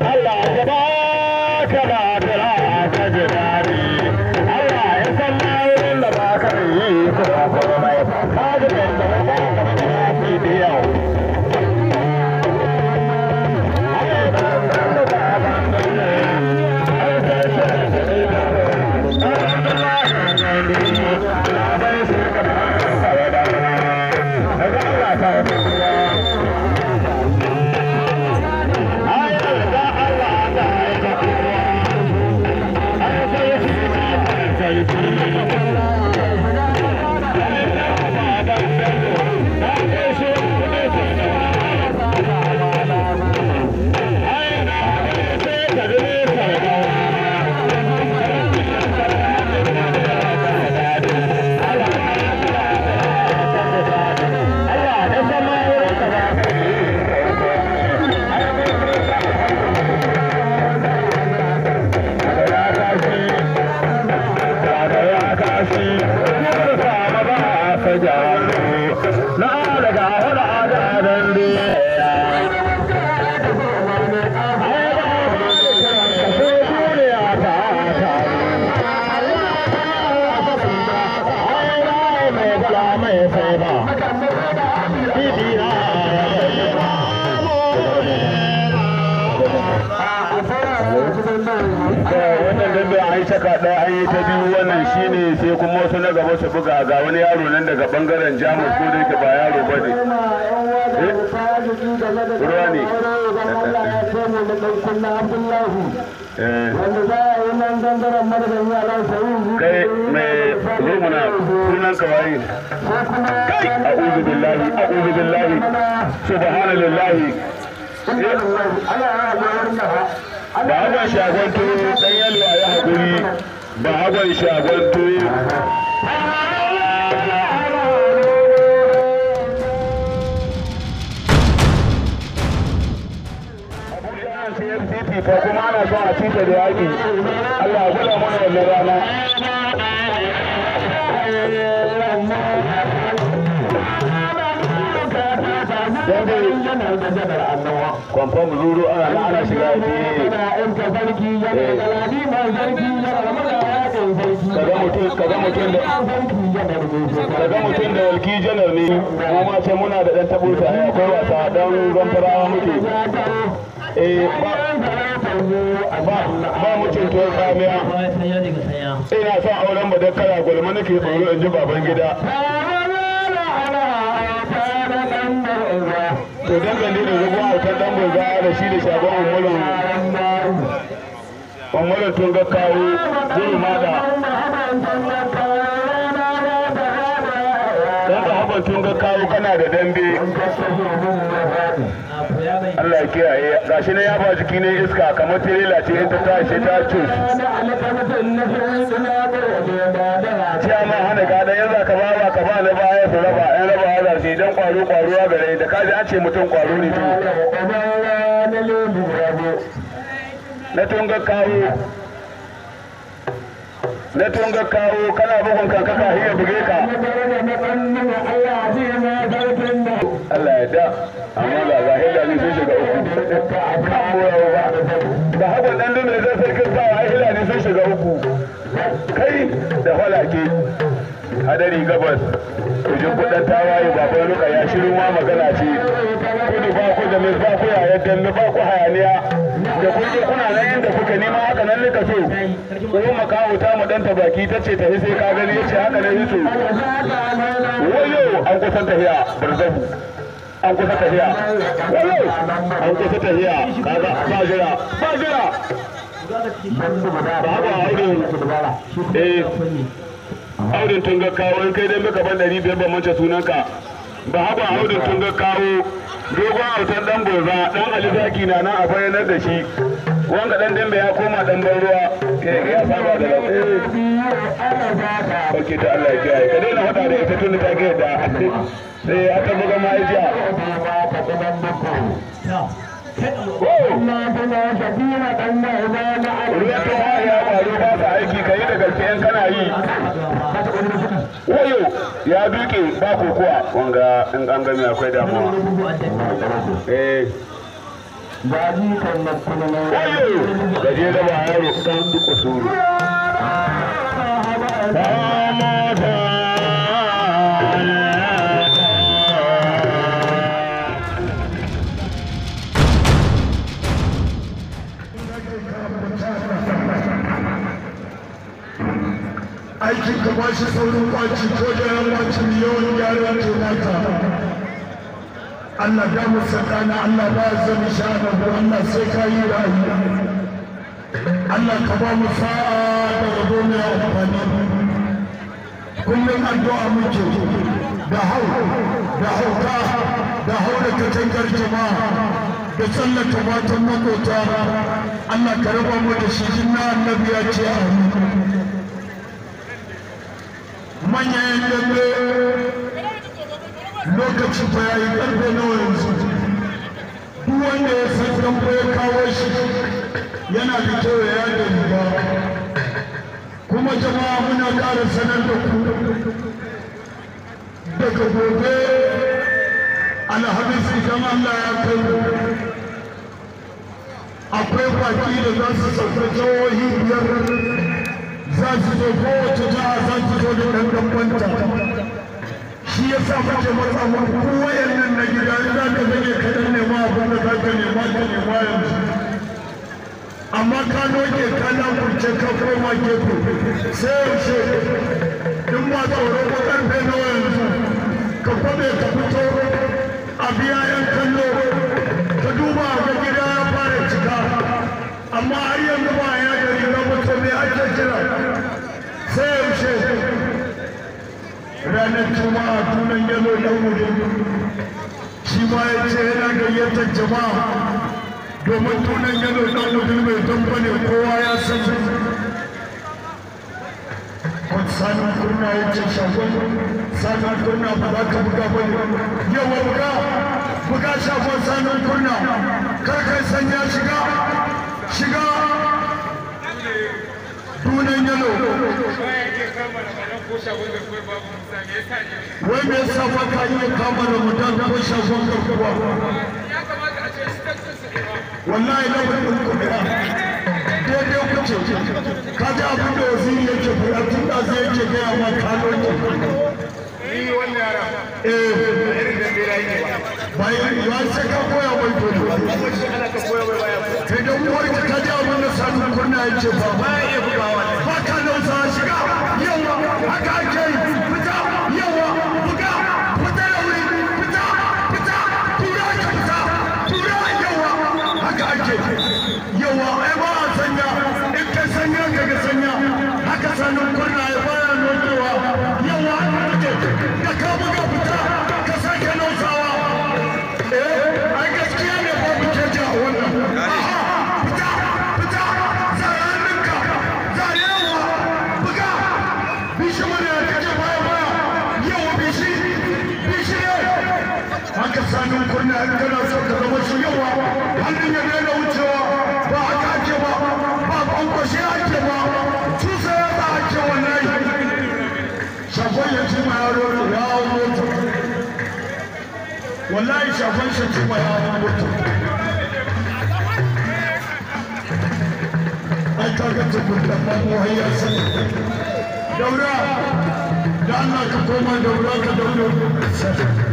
Allah ka ba ba shi kuma wasu na gaba su buga ga wani yaro nan daga bangaren jamus ko da yake ba yaro ba ne eh? ruwa ne eh. kai mai zumuna sunan kawai kai billahi billahi eh? turu mai shagon tuwo ko kuma ana so a cika da yaƙi Allah ya mana wannan rana kwamfan zuru ana na ana shiga kaga mutum kaga mutum da kaga mutum da janar ne kuma sai muna da dan tabo ta akwai wasa dan zamfarawa muke eh ba ba mutum to ina son auren madakkara gulma nake tsoro in ji baban gida to dan gani da zuwa autar dan burga da shi da shagon umulun mara sun ga kawo zai mada don ka haɓa sun ga kawo kana da dambe Allah kiyaye gashi ne ya ba jiki ne iska kamar tirela ce in ta tashi ta cus ciya ma hana gada yanzu ka ba ba ka ba na baya su raba yan raba za su yi kwaro kwaro ya gare da kaji an ce mutum kwaro ne to na tunga kawo na tunga kawo kana bugun kaka hiya buge ka Allah ya da amma ga zahir ne sun shiga uku da hakan dan dume zai sai kin sa ai ne sun shiga uku kai da falake hadari gabas kujin kudin tawaye baban ruka ya shirin wa magana ce kudu ba ku da ba ku yayin dan ba ku hayaniya da kun je kuna nan yadda kuka nema haka nan nika so ko makawo ta mu ta baki ta ce ta tafi sai ka gani ya ce haka nan yace wayo an kusan tafiya barzahu an kusa tafiya wayo an kusa tafiya kaga ba jira ba jira ba ba aure eh auren tunga kawo in kai dai muka ban 500 ba mance sunanka ba haba auren tunga kawo dogon autan dan goza dan alizaki na nan a bayanar da shi wanga dan dambe ya koma dan ban ruwa ke eh, ga ya saba da lafiya barke Allah ya kiyaye ka daina hada da ita tun ta da sai aka buga ya faru ba sa aiki ka yi da gaske yan kana yi wayo ya duke ba kokowa wanga in an gami akwai damuwa eh gaji kan na kuma wayo gaje da ba yaro dan duka suru Thank you. aikin ka ba shi saurin kwaci ko da ya kwaci yawan ke mata Allah ya musakana Allah ba zan sha'anahu Allah sai ka yi rayu Allah ka ba mu sa'a da rabo mai amfani kullum addu'a muke da hau da hauka da haura katangar jama'a da tsallaka matan makota Allah ka raba mu da shi jinna annabiya ce a amin manyan dambe lokaci fa yayi karfe nawa yanzu duk wanda ya san dambe ya kawo shi yana da kyau ya yada riga kuma jama'a muna kara sanar da ku daga gobe alhamis idan Allah ya kai akwai baki da za su sauka jihohi biyar za su zo kowace jiha za su zo da ɗan ɗanɓanta shi ya sa muke matsa wa kowayen nan na gida in za ka zage ka ɗan nema abin da za ka nema ka nema yanzu amma ka doke ka lakurce ka koma gefe sai yaushe in ma tsoron ko ƙarfe nawa yanzu ka kwabe ka fito a biya yan kallo ka duba ga gida ya fara cika amma har yanzu ba ya gari na mutum ne ake jira sai yaushe ranar juma'a tunan yalo dan wuri shi ma ya ce yana gayyatar jama'a domin tunan yalo dan wuri mai tamba ne kowa ya san sanu kurna ya ce shagon sanu kurna ba za ka buga ba ne yawa buga buga shagon sanu kurna kar kai sanya shiga shiga wai me yasa ba ka iya kama ramadan ko shagon garkuwa wallahi na ba ku ɗaya daidai ku ce ka ji abin da waziri yake faɗa tun da zai yake gaya ma kano ne ni wannan yara eh bayan ya ce ka koya mai dole sai da uwar ka ji abin da sanu kunna yake ba ba ya iya bugawa haka ake yi Aisha shafan shafi ma ya mutu ai ta ga tukuntan ma mu daura da Allah ka koma daura ka daura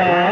America.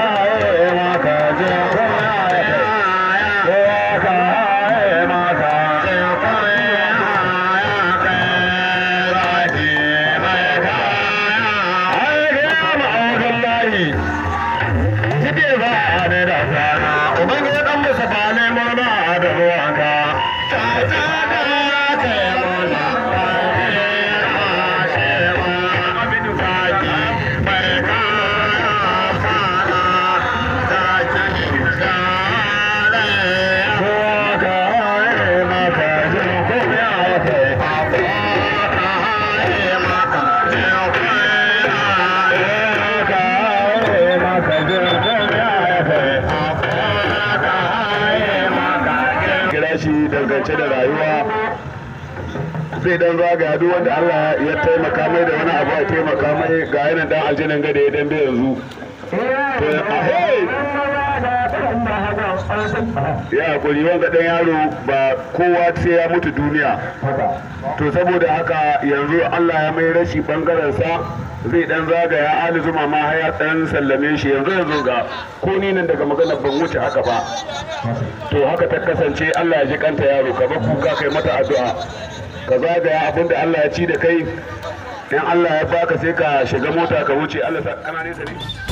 shi dangance da rayuwa zai dan zagaya duk wanda Allah ya taimaka mai da wani abu a taimaka mai ga yanan dan aljanan gada ya dambe yanzu ya hakuri wanga yaro ba kowa sai ya mutu duniya to saboda haka yanzu Allah ya mai rashi bangaren sa zai dan zagaya ali zuma ma haya dan sallame shi yanzu yanzu ga ko ni nan daga magana ban wuce haka ba to haka ta kasance Allah ya ji kanta yaro ka ba kuka kai mata addu'a ka zagaya abinda Allah ya ci da kai in Allah ya baka sai ka shiga mota ka wuce Allah sa kana ne